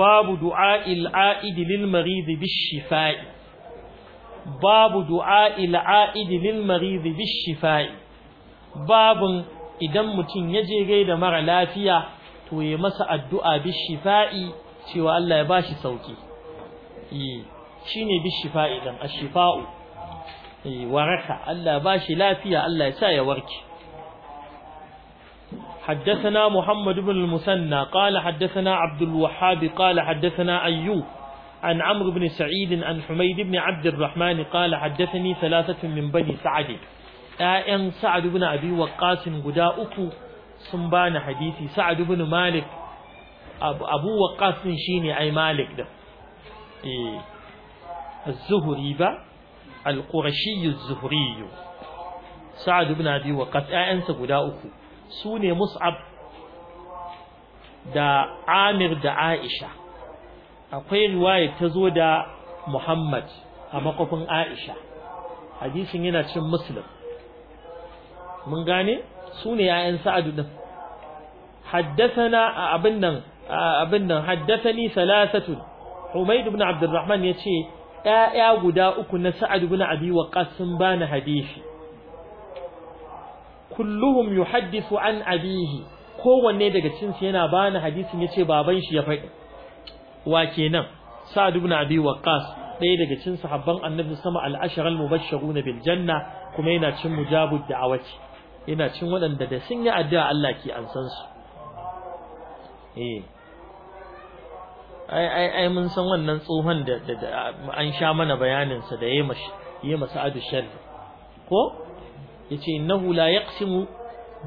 babu du'a'il a'idi lil marid bishifai babu du'a'il a'idi lil marid bishifai babun idan mutum ya je gai da mara lafiya to ya masa addu'a bishifa'i cewa Allah ya bashi sauki eh shine bishifa'i dan ashifa'u eh waraka Allah ya bashi lafiya Allah ya sa ya warke حدثنا محمد بن المثنى قال حدثنا عبد الوهاب قال حدثنا أيوب عن عمرو بن سعيد عن حميد بن عبد الرحمن قال حدثني ثلاثة من بني سعد ‘ya'yan Sa'ad bin Abi Waqqasin guda uku sun bani hadisi, Sa'ad bin Malik, Abu Waqqasin shi ne Malik da, zuhuri ba, al zuhuriyu, Sa'ad bin Abi Waqqas ‘ya'yansa guda uku. Sune ne mus'ab da amir da aisha akwai riwaya ta zo da muhammad a makwafin aisha hadisin yana cin muslim mun gane su ne sa'adu ɗin haddasana a abin nan abin nan haddasani salasatun humaid ibn abdurrahman ya ce ‘ya'ya guda uku na sa'adu bin abi wa sun bani hadisi kulluhum yuhaddisu an abihi kowanne daga cikin su yana bani hadisin ce baban shi ya faɗi wa kenan sa'd ibn abi waqqas ɗaya daga cikin sahabban annabi sama al-ashara al-mubashshirun bil janna kuma yana cin mujabud da'awati yana cin waɗanda da sun yi addu'a Allah ke an san su eh ai ai ai mun san wannan tsohon da an sha mana bayanin sa da yayi masa yayi masa adu ko يتي إنه لا يقسم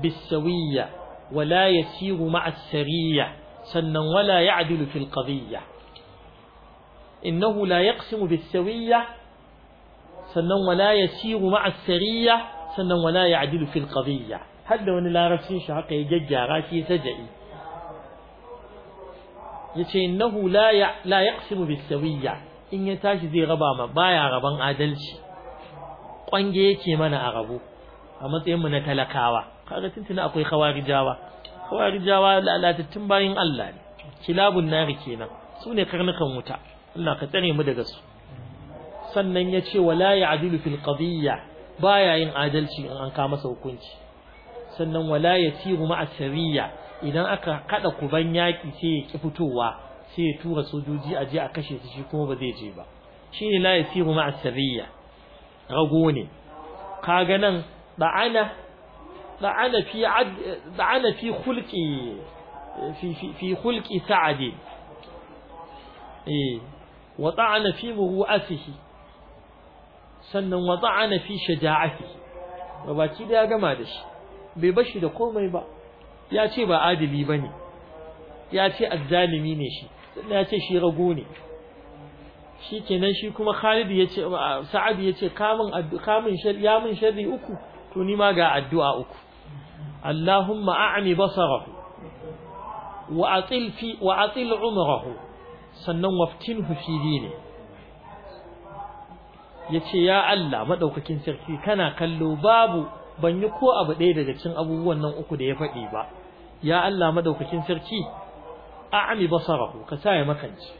بالسوية ولا يسير مع السرية سنا ولا يعدل في القضية إنه لا يقسم بالسوية سنا ولا يسير مع السرية سنا ولا يعدل في القضية هل لو أن لا رسين شعق يججع راتي سجعي يتي إنه لا, لا يقسم بالسوية إن يتاش ذي غبامة بايا غبان عدلش وأنجيكي من أغبوك a matsayin mu na talakawa kaga tuntuna akwai khawarijawa khawarijawa lalatattun bayin Allah ne kilabun nari kenan su ne karnukan wuta Allah ka tsare mu daga su sannan ya ce wala ya'dilu fil qadiyya baya yin adalci in an kama masa hukunci sannan wala yasiru ma'a sariya idan aka kada kuban yaki sai ya ki fitowa sai ya tura sojoji a je a kashe su shi kuma ba zai je ba shine la yasiru ma'a sariya rago ne kaga nan da'ana da'ana fi ad da'ana fi khulqi fi fi fi khulqi sa'd eh wa ta'ana fi muwasihi sannan wa ta'ana fi shaja'ati baki da ya gama da shi bai bashi da komai ba ya ce ba adili bane ya ce azzalimi ne shi sannan ya ce shi rago ne shi kenan shi kuma Khalid ya ce Sa'ad ya ce kamun kamun ya mun sharri uku to ni ma ga addu'a uku Allahumma a'mi basarahu wa atil fi wa atil umrahu sannan waftinhu fi dini yace ya Allah madaukakin sarki kana kallo babu ban yi ko abu ɗaya daga cikin abubuwan nan uku da ya faɗi ba ya Allah madaukakin sarki a'mi basarahu ka sa ya makanci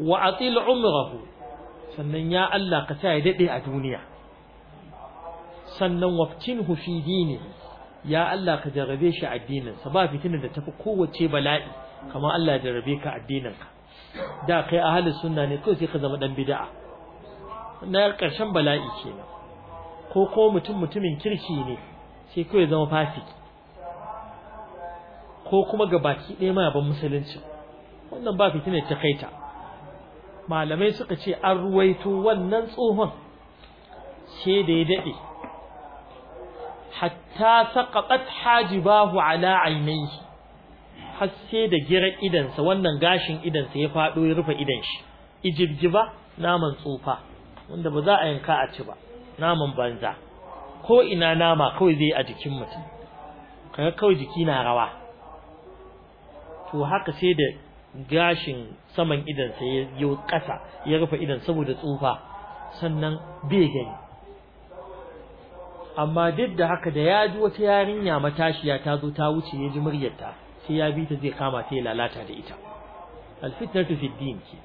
wa atil umrahu sannan ya Allah ka sa ya dade a duniya sannan waftinhu fi dini ya Allah ka jarrabe shi addinin sa ba fitinar da tafi kowace bala'i kamar Allah ya jarrabe ka addinin ka da kai ahli sunna ne kai sai ka zama dan bid'a na karshen bala'i kenan ko ko mutum mutumin kirki ne sai ko ya zama fasiki ko kuma gabaki ɗaya ma ban musulunci wannan ba fitina ta kaita malamai suka ce an ruwaito wannan tsohon sai da ya daɗe hatta saqatat hajibahu ala ainihi har sai da gira idansa wannan gashin idansa ya fado ya rufe idan shi ijibjiba naman tsufa wanda ba za a yanka a ci ba naman banza ko ina nama kawai zai a jikin mutum kaga kawai jiki na rawa to haka sai da gashin saman idansa ya yi ƙasa ya rufe idan saboda tsufa sannan bai gani amma duk da haka da ya ji wata yarinya matashiya ta zo ta wuce ya ji muryarta sai ya bi ta zai kama ta ya lalata da ita alfitnatu fi din ki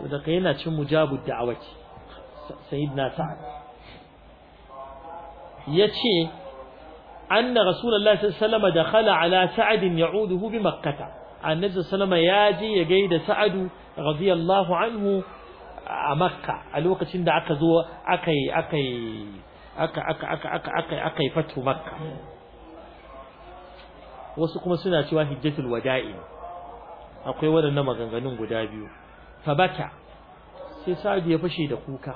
so da kai yana cin mujabud da'awati sayyidina sa'ad yace anna rasulullahi sallallahu alaihi wasallam dakhala ala sa'ad ya'uduhu bi makkah annabi sallama ya je ya gaida sa'adu radiyallahu anhu a makka a lokacin da aka zo aka yi aka aka aka aka aka aka yi fatu makka wasu kuma suna cewa hijjatul wada'i akwai waɗannan maganganun guda biyu fabata sai sa'adu ya fashe da kuka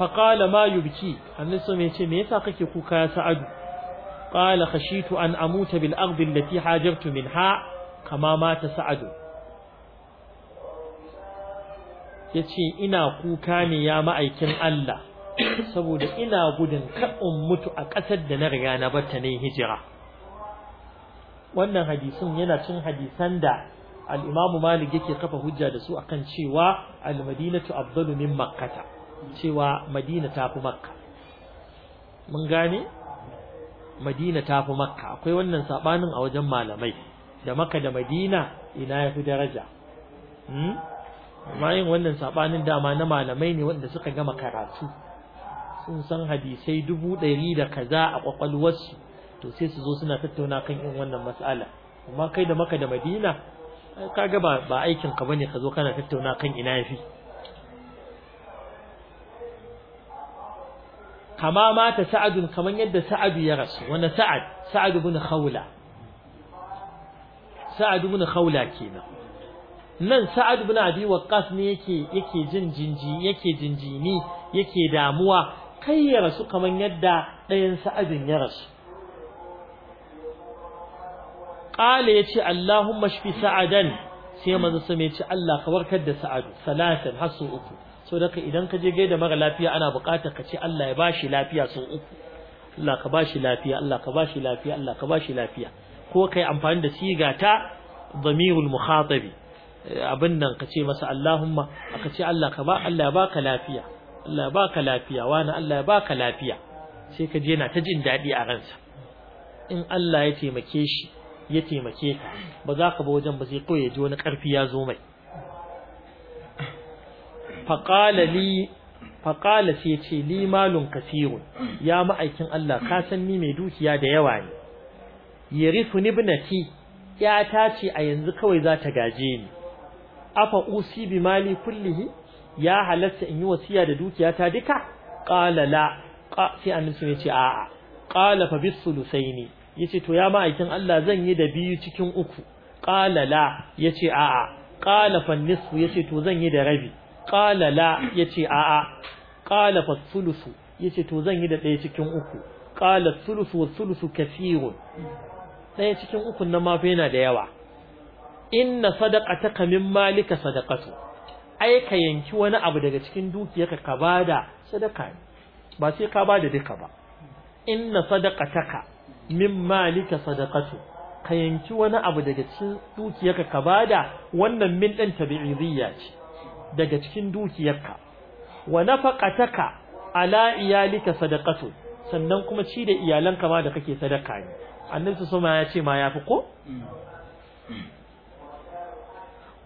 faqala ma yubki annabi sai ya ce me yasa kake kuka ya sa'adu qala khashitu an amuta bil ardi allati hajartu minha kama mata sa'adu yace ina kuka ne ya ma'aikin Allah saboda ina gudun kaɗin in mutu a ƙasar da na riga na bata ne hijira wannan hadisun yana cin hadisan da al'imamu Malik yake kafa hujja da su akan cewa al-Madinatu afdalu min makkata. cewa Madina ta fi Makka mun gane Madina ta fi Makka akwai wannan sabanin a wajen malamai da maka da Madina ina ya fi daraja hmm? amma yin wannan sabanin dama na malamai ne wanda suka gama karatu sun san hadisai dubu ɗari da kaza a kwakwalwarsu to sai su zo suna tattauna kan in wannan mas'ala amma kai da maka da madina ka ga ba aikin ka bane ka zo kana tattauna kan ina yafi kama mata sa'adun kaman yadda sa'adu ya rasu wani sa'ad sa'ad ibn khawla sa'ad ibn khawla kenan nan sa'ad ibn abi waqqas ne yake yake jin jinji yake jinjini yake damuwa kai ya rasu kamar yadda ɗayan sa'adin ya rasu ya ce, allahumma shfi sa'adan sai manzo ya ce, Allah ka warkar da sa'adu salatan hasu uku so daga idan ka je da mara lafiya ana buƙatar ka ce Allah ya bashi lafiya sun uku Allah ka bashi lafiya Allah ka bashi lafiya Allah ka bashi lafiya ko yi amfani da siga ta dhamirul mukhatabi eh, abin nan ka ce masa Allahumma ka ce Allah ka ba Allah ya baka lafiya Allah ya baka lafiya wani Allah ya baka lafiya sai ka je na ta jin daɗi a ransa in Allah ya taimake shi ya taimake ka ba za ka ba wajen ba sai kawai ya ji wani ƙarfi ya zo mai faƙala li faƙala sai ce li malun Kasiru ya ma'aikin Allah ka san ni mai dukiya da yawa ne yarifu nibnati ya ta ce a yanzu kawai za ta gaje ni afa usi bi mali kullihi ya halatta in yi wasiya da dukiyata duka qala la sai an sai ya ce a'a qala fa bis sulusaini yace to ya ma'aikin Allah zan yi da biyu cikin uku qala la yace a'a qala fa nisfu yace to zan yi da rabi qala la yace a qala fa sulusu yace to zan yi da ɗaya cikin uku qala sulusu wa sulusu kathirun ɗaya cikin ukun nan ma fa yana da yawa inna sadaqataka min malika sadaqatu ai ka yanki wani abu daga cikin dukiyarka ka bada sadaka ne ba sai ka bada duka ba inna sadaqataka min malika sadaqatu ka yanki wani abu daga cikin dukiyarka ka bada wannan min dan tabi'iyya ce daga cikin dukiyarka wa nafaqataka ala iyalika sadaqatu sannan kuma ci da iyalanka ma da kake sadaka ne annabi sama ya ce ma yafi ko hmm. Hmm.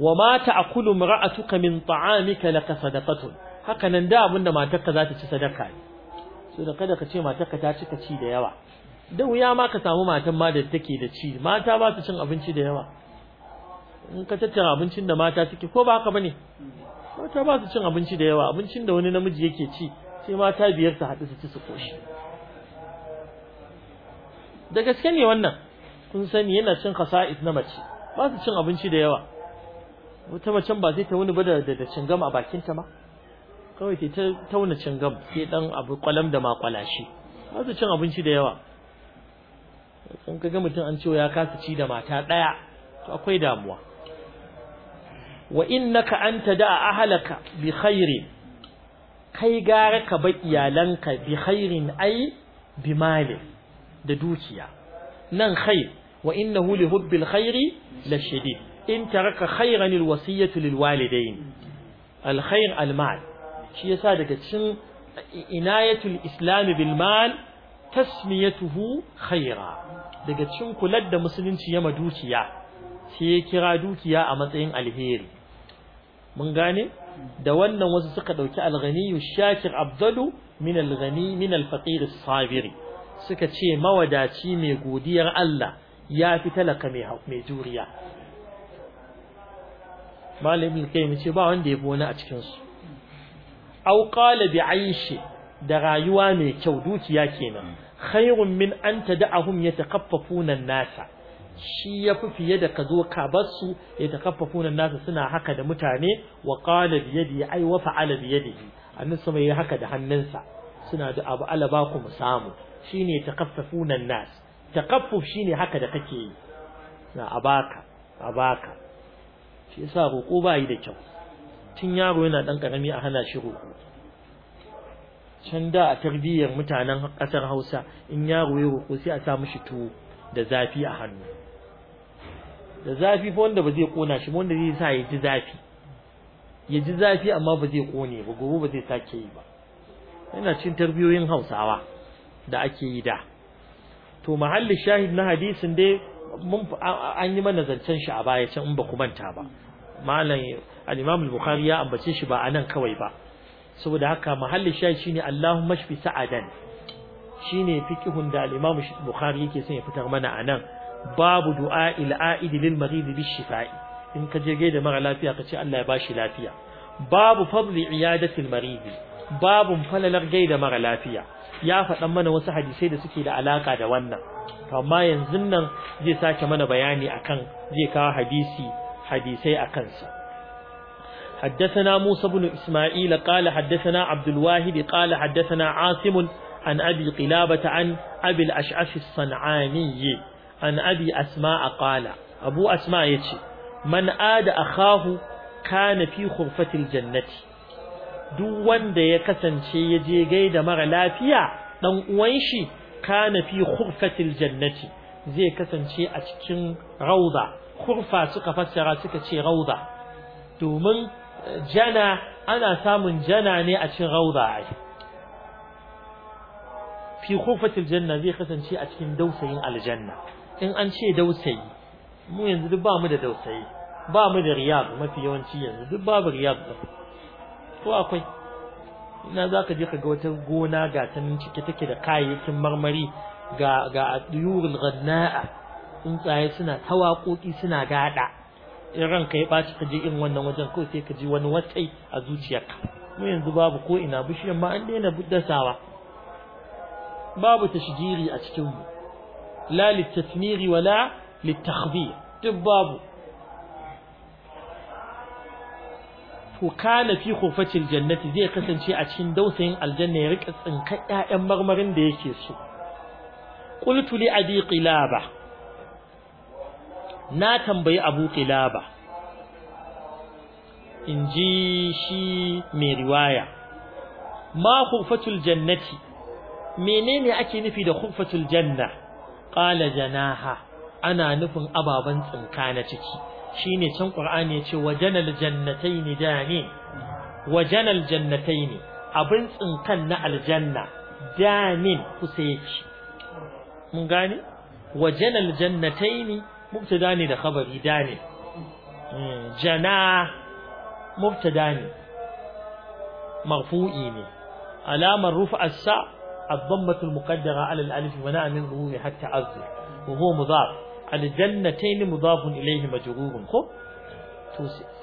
wa ma ta'kulu imra'atuka min ta'amika laka sadaqatun haka nan da abinda matarka za ta ci sadaka ne so da kada ka ce matarka ta cika ci da yawa da wuya ma ka samu matan ma da take da ci mata ba su cin abinci da yawa in ka tattara abincin da mata suke ko ba haka bane mata ba su cin abinci da yawa abincin da wani namiji yake ci sai mata biyar su haɗu su ci su koshi da gaske ne wannan kun sani yana cin kasa'is na mace ba su cin abinci da yawa wata macen ba zai ta wani ba da da cingam a bakinta ma kawai ta ta wani cingam sai dan abu kwalam da makwalashi ba su cin abinci da yawa in ka mutum an cewa ya kasa ci da mata daya to akwai damuwa wa innaka anta da ahlaka bi khairin kai gara ka ba iyalanka bi khairin ai bi mali da dukiya nan khair wa innahu li hubbil khairi la shadid in taraka khairan alwasiyatu lilwalidain alkhair almal shi yasa daga cikin inayatul islam bil tasmiyatuhu khaira daga cikin kular da musulunci ya dukiya sai ya kira dukiya a matsayin alheri mun gane da wannan wasu suka dauki alghaniyu shakir abdalu min alghani min alfaqir sabiri suka ce mawadaci mai godiyar Allah ya fi talaka mai juriya malamin kai ce ba wanda ya fi wani a cikin su aw bi aishi da rayuwa mai kyau dukiya kenan khairun min an tad'ahum yatakaffafuna an-nasa shi yafi fiye da ka zo ka bar su yatakaffafuna nasa suna haka da mutane wa qala bi yadi ay wa fa'ala bi yadihi annabi sama yi haka da hannunsa suna da abu alaba ku mu samu shine takaffafuna nas takaffuf shine haka da kake yi na abaka abaka shi yasa roƙo ba yi da kyau tun yaro yana dan karami a hana shi roƙo can da a tarbiyyar mutanen ƙasar Hausa in yaro ya roƙo sai a sa mishi tuwo da zafi a hannu da zafi fa wanda ba zai kona shi wanda zai sa ya ji zafi ya ji zafi amma ba zai kone ba gobe ba zai sake yi ba yana cin tarbiyoyin Hausawa da ake yi da to mahallin shahid na hadisin dai mun an yi mana zancen shi a baya can in ba ku manta ba malam al-Imam al-Bukhari ya ambace shi ba anan kawai ba saboda haka mahallin shayi shine Allahumma shfi sa'adan shine fiqhun da al-Imam Bukhari yake son ya fitar mana anan babu du'a il-a'id lil marid bi shifa'i in ka je gaida mara lafiya ka ce Allah ya bashi lafiya babu fadli iyadati al-marid babu falalar gaida mara lafiya ya faɗan mana wasu hadisai da suke da alaka da wannan to amma yanzu nan zai sake mana bayani akan zai kawo hadisi hadisai a kansa حدثنا موسى بن إسماعيل قال حدثنا عبد الواهد قال حدثنا عاصم عن أبي قلابة عن أبي الأشعث الصنعاني عن أبي أسماء قال أبو أسماء يتشي من آد أخاه كان في خرفة الجنة duk wanda ya kasance ya je gaida mara lafiya dan uwan shi kana fi khurfatil jannati zai kasance a cikin rauda kurfa suka fassara suka ce rauda domin eh, jana ana samun jana ne a cikin rauda ai fi kurfatil janna zai kasance a cikin dausayin aljanna in an ce dausayi mu yanzu duk ba mu da dausayi ba mu da riyab mafi yawanci yanzu duk babu riyab ko akwai ina za ka je ka ga wata gona ga ta cike take da kayayyakin marmari ga ga aduyurul ghanna'a tsuntsaye suna tawakoki, suna gada in ranka ya ɓaci ka je in wannan wajen kawai sai ka ji wani watsai a zuciyarka mu yanzu babu ko ina bishiyar ma an daina dasawa babu tashjiri a cikin mu la litatmiri wala litakhdhir duk babu ko kana fi khufatil jannati zai kasance a cikin dausayin aljanna ya rika tsinka ƴaƴan marmarin da yake so qultu li abi Laba. na tambayi abu kilaba in ji shi mai riwaya ma jannati menene ake nufi da khurfatul janna qala janaha ana nufin ababan tsinka na ciki shine can qur'ani ne wajanal ne? dani wajanal ne abin tsinkan na aljanna ne kusa yake mun gane wajanal ne. mubtada ne da habari da ne jana mubtada ne marfu'i ne alamar rufa'a sa addammatul muqaddara ala al-alif wa na'am min hatta azza wa huwa mudaf al-jannatayn mudafun ilayhi majrurun ko to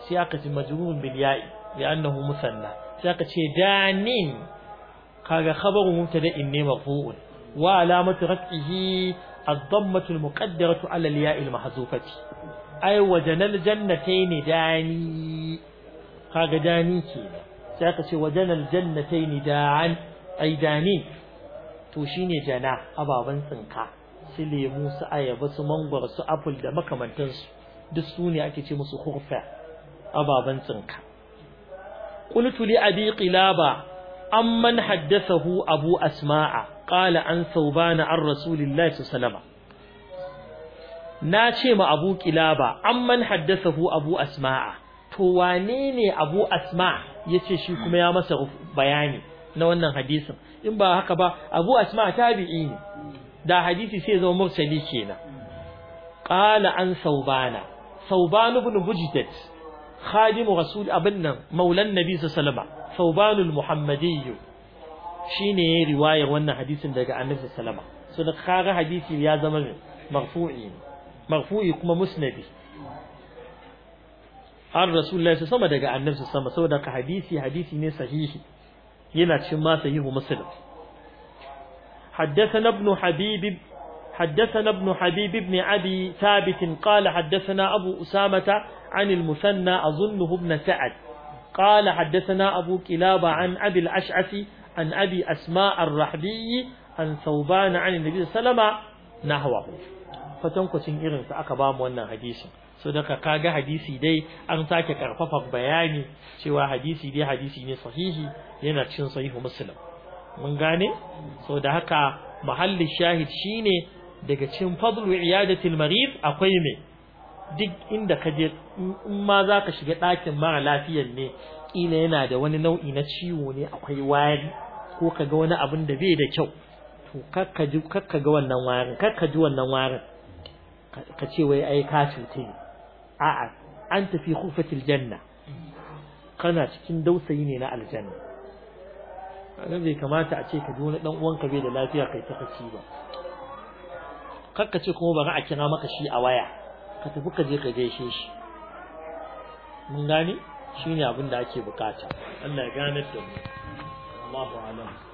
siyaqati majrurun bil ya'i li'annahu musanna saka ce danin kaga khabaru mubtada in ne marfu'un wa alamatu raf'ihi الضمة المقدرة على الياء المحذوفة أي وجن الجنتين داني kaga dani kenan sai aka ce wajanal jannatayn da'an ai dani to shine jana ababan tsinka su lemu su ayaba su mangwaro su apple da makamantansu duk su ne ake ce musu khurfa ababan tsinka qultu li abi qilaba amman haddathahu abu asma'a qala an saubana an rasulillahi na ce ma abu kilaba amman haddathahu abu asma'a to wane ne abu asma yace shi kuma ya masa bayani na wannan hadisin in ba haka ba abu asma tabi'i ne da hadisi sai zama mursali kenan qala an saubana sauban ibn bujdat خادم رسول أبنا مولى النبي صلى الله عليه وسلم ثوبان المحمدي shine yayi riwayar wannan hadisin daga Annabi sallama so da kaga hadisi ya zama marfu'i marfu'i kuma musnadi har rasulullahi sallama daga Annabi sallama saboda ka hadisi hadisi ne sahihi yana cikin ma sahihu muslim حدثنا ابن حبيب حدثنا ابن حبيب بن أبي ثابت قال حدثنا أبو أسامة عن المثنى أظنه ابن سعد قال حدثنا أبو كلاب عن أبي الأشعث an abi asma ar-rahbi an sauban an annabi sallama nahwahu kwatankwacin irin sa aka bamu wannan hadisin so daga kaga hadisi dai an sake karfafa bayani cewa hadisi dai hadisi ne sahihi yana cin sahihu muslim mun gane so da haka mahallin shahid shine daga cin fadlu iyadatil marid akwai me duk inda ka je in ma zaka shiga ɗakin mara lafiyar ne kila yana da wani nau'i na ciwo ne akwai wari ko kaga wani abin da bai da kyau to kakka ji kakka ga wannan warin kakka ji wannan warin ka ce wai ai ka cuta ne a'a an tafi khufatil janna kana cikin dausayi ne na aljanna kaga bai kamata a ce ka ji wani dan uwanka bai da lafiya kai ta kaci ba kakka ce kuma ba a kira maka shi a waya ka tafi ka je ka gaishe shi mun gane shine abin da ake bukata Allah ya ganar da mu Allahu a'lam